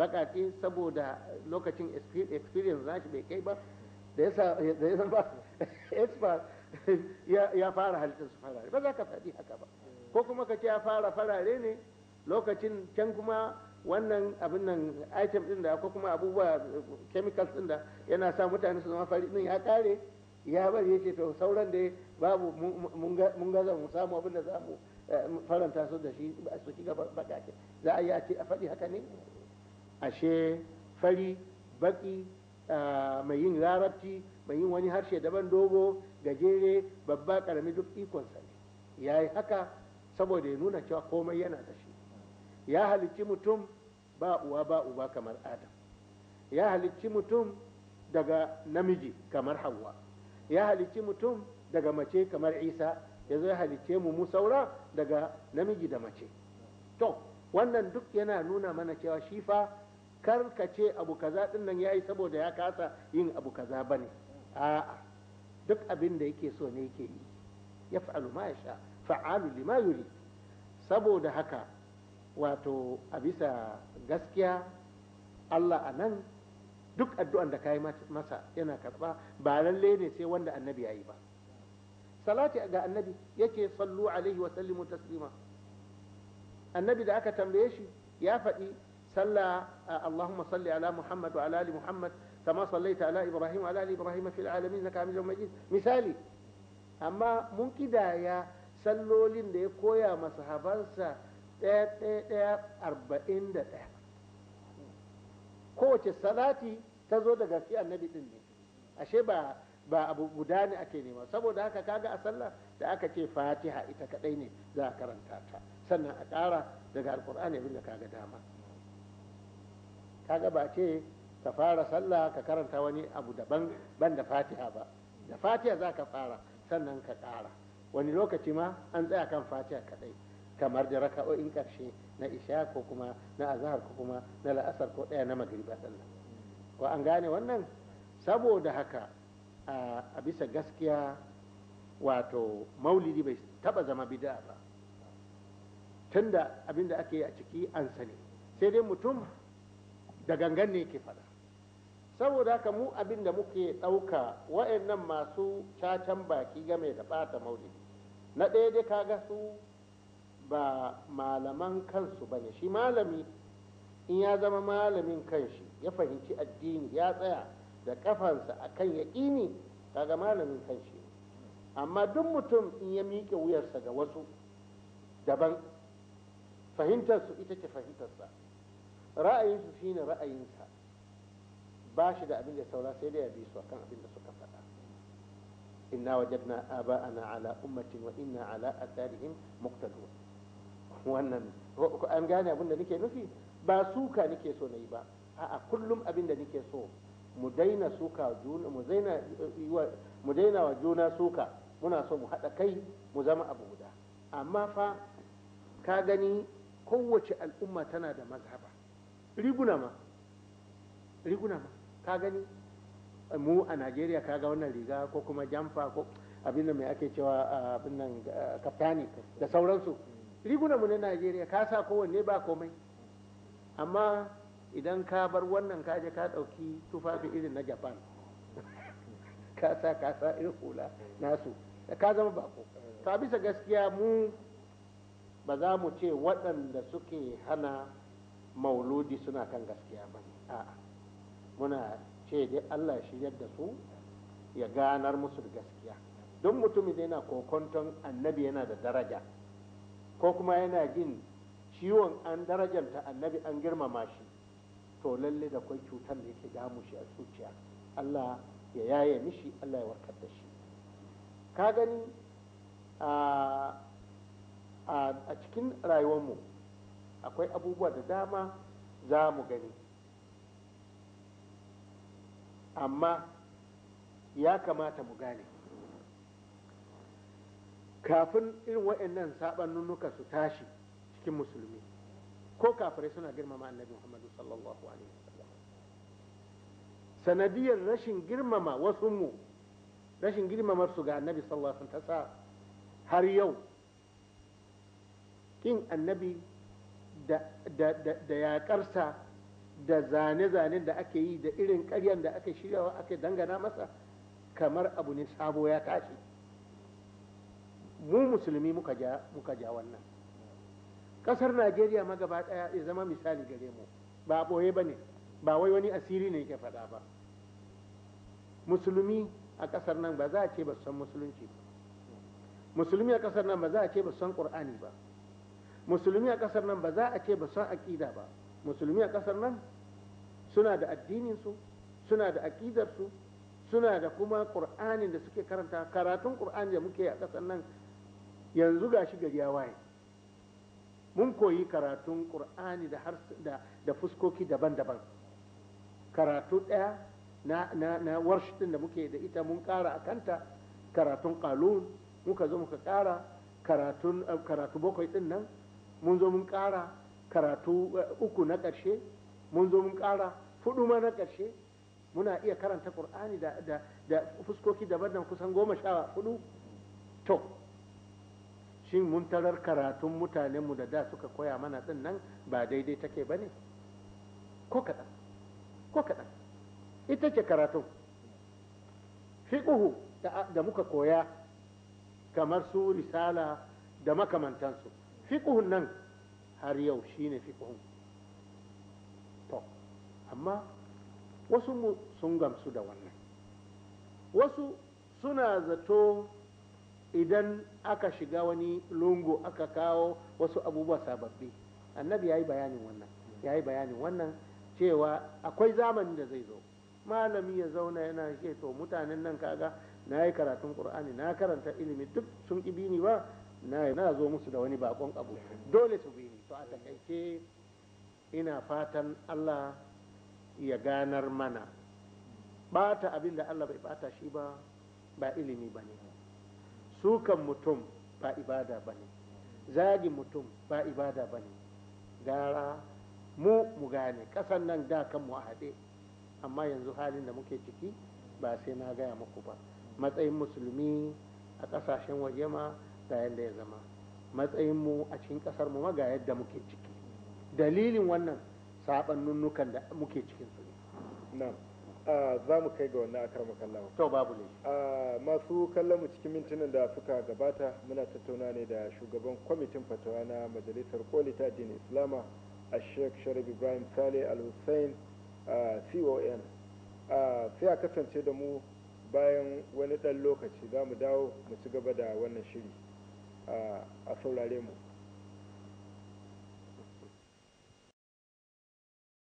bakati saboda lokacin experience nashi bai kai ba da ya san ba expert ya fara halittar su farare ba za ka faɗi haka ba ko kuma ka ce ya fara farare ne lokacin can kuma wannan abin nan item din da ko kuma abubuwa chemicals din da yana sa mutane su zama fari din ya kare ya bari ya ce to sauran da babu mun gaza mu samu abin za eh, mu faranta su da shi su shiga bakake za a yi a ce a faɗi haka ne ashe fari baki ah, mai yin larabci mai yin wani harshe daban dogo gajere babba karami duk ikonsa ne ya yi haka saboda ya nuna cewa komai yana da shi ya halicci mutum ba uwa ba uba kamar adam ya halicci mutum daga namiji kamar hawa ya halicci mutum daga mace kamar isa ya zo ya halicce mu musaura daga namiji da mace to wannan duk yana nuna mana cewa shi fa karkace abu kaza din nan yayi saboda ya kasa yin abu kaza bane a'a duk abin da yake so ne yake yi ya fa'alu ma sha fa'alu lima yuri saboda haka wato a bisa gaskiya Allah a nan duk addu'an da kai masa yana karba ba lalle ne sai wanda annabi yayi ba salati ga annabi yake sallu alaihi wa sallimu taslima annabi da aka tambaye shi ya faɗi salla Allahumma salli ala Muhammad wa ala ali Muhammad kama sallaita ala Ibrahim wa ala ali Ibrahim fil alamin innaka Hamidum Majid misali amma mun kidaya sallolin da ya koya masahabansa ɗaya ɗaya ɗaya arba'in da ɗaya kowace salati ta zo daga shi annabi din ne ashe ba ba abu guda ne ake nema saboda haka kaga a sallah da aka ce fatiha ita kadai ne za a karanta ta sannan a ƙara daga alkur'ani abinda kaga dama kaga ba ce ka fara sallah ka karanta wani abu daban ban da fatiha ba da fatiha za ka fara sannan ka ƙara wani lokaci ma an tsaya kan fatiha kadai kamar da raka'o'in ƙarshe na isha ko kuma na azhar ko kuma na la'asar ko ɗaya na magriba sallah ko an gane wannan saboda haka a bisa gaskiya wato maulidi bai taba zama bid'a ba tunda abin da ake yi a ciki an sani sai dai mutum da gangan ne ke faɗa saboda haka mu abin da muke ɗauka wa'annan masu cacan baki game da bata maulidi na ɗaya dai kaga su ba malaman kansu ba bane shi malami in ya zama malamin kanshi ya fahimci addini ya tsaya da kafansa akan yaƙini kaga malamin kanshi amma duk mutum in ya miƙe wuyarsa ga wasu daban fahimtarsu ita ce fahimtarsa ra'ayinsu shi ne ra'ayinsa ba shi da abin da saura sai da ya bi su akan abin da suka faɗa inna wajadna aba'ana ala ummatin wa inna ala atharihim muqtadun wannan an gane abin da nake nufi ba suka nake so na yi ba a'a kullum abin da nake so mu daina suka eh, mu daina wa juna suka muna so mu haɗa kai mu zama abu guda amma fa ka gani kowace al'umma tana da mazhaba riguna ma riguna ma ka gani mu a najeriya ka ga wannan riga ko kuma jamfa ko abin da mai ake cewa ah, abin nan ah, kaftani da sauransu riguna mu na najeriya ka sa kowanne ba komai amma idan ka bar wannan kaje ka ɗauki tufafi irin na japan ka sa ka sa irin hula nasu ka zama bako ta bisa gaskiya mu ba za mu ce waɗanda suke hana mauludi suna kan gaskiya ba a muna ce dai allah shiryar da su ya ganar musu da gaskiya don mutumin da yana kokonton annabi yana da daraja ko kuma yana jin ciwon an darajanta annabi an girmama shi to lalle da kwai cutar da yake damu shi a zuciya Allah ya yaye mishi Allah ya warkar da shi ka gani a cikin rayuwarmu akwai abubuwa da dama za mu gani amma ya kamata mu gane kafin irin waɗannan nunuka su tashi cikin musulmi ko kafirai suna girmama annabi muhammadu sallallahu alaihi wasallam sanadiyar rashin girmama wasu mu rashin girmamar su ga annabi sallallahu alaihi wasallam ta sa har yau kin annabi da yaƙarsa da zane-zanen da ake yi da irin ƙaryan da ake shiryawa ake dangana masa kamar abu ne sabo ya tashi mu musulmi muka ja wannan kasar najeriya magaba gaba daya ya zama misali gare mu ba ɓoye ba ne ba wai wani asiri ne yake faɗa ba musulmi a ƙasar nan ba za a ce ba san musulunci ba musulmi a ƙasar nan ba za a ce ba san ƙur'ani ba musulmi a ƙasar nan ba za a ce ba san aƙida ba musulmi a ƙasar nan suna da addininsu suna da aƙidarsu suna da kuma ƙur'anin da suke karanta karatun ƙur'ani da muke a ƙasar nan yanzu gashi gari ya waye mun koyi karatun ƙur'ani da fuskoki daban-daban karatu ɗaya na warsh da muke da ita mun ƙara a kanta karatun ƙalun muka zo muka ƙara eh, karatu bakwai ɗin nan mun zo mun ƙara karatu eh, uku na ƙarshe mun zo mun ƙara hudu ma na ƙarshe muna iya karanta ƙur'ani da fuskoki daban-daban kusan goma sha hudu to shin mun tarar karatun mutanenmu da da suka koya mana din nan ba daidai take ba ne ko kaɗan ko kaɗan ita ce karatun fiƙuhu da muka koya kamar su risala da makamantansu fiƙuhun nan har yau shi shine fiƙuhun to amma wasu mu sun gamsu da wannan wasu suna zato idan aka shiga wani lungu aka kawo wasu abubuwa sababbi annabi ya yi bayanin wannan ya yi bayanin wannan cewa akwai zamani da zai zo malami ya zauna yana ce to mutanen nan kaga na yi karatun qur'ani na karanta ilimi duk sun ƙi bini ba na zo musu da wani bakon abu dole su bini to a takaice ina fatan allah ya ganar mana bata abin da allah bai bata shi ba ba ilimi ba ne sukan mutum ba ibada ba ne zagi mutum ba ibada ba ne gara mu mu gane ƙasan nan da kan mu haɗe amma yanzu halin da muke ciki ba sai na gaya muku ba matsayin musulmi a ƙasashen waje ma ga yadda ya zama matsayin mu a cikin ƙasar mu ma ga yadda muke ciki dalilin wannan saɓannunnukan da muke cikin su za mu kai ga wannan akar makallawa to babu ne masu kallon mu cikin mintunan da suka gabata muna tattauna ne da shugaban kwamitin fatawa na majalisar koli ta addinin islama a sheikh sharif ibrahim saleh al hussein con sai a kasance da mu bayan wani ɗan lokaci za mu dawo mu ci gaba da wannan shiri a saurare mu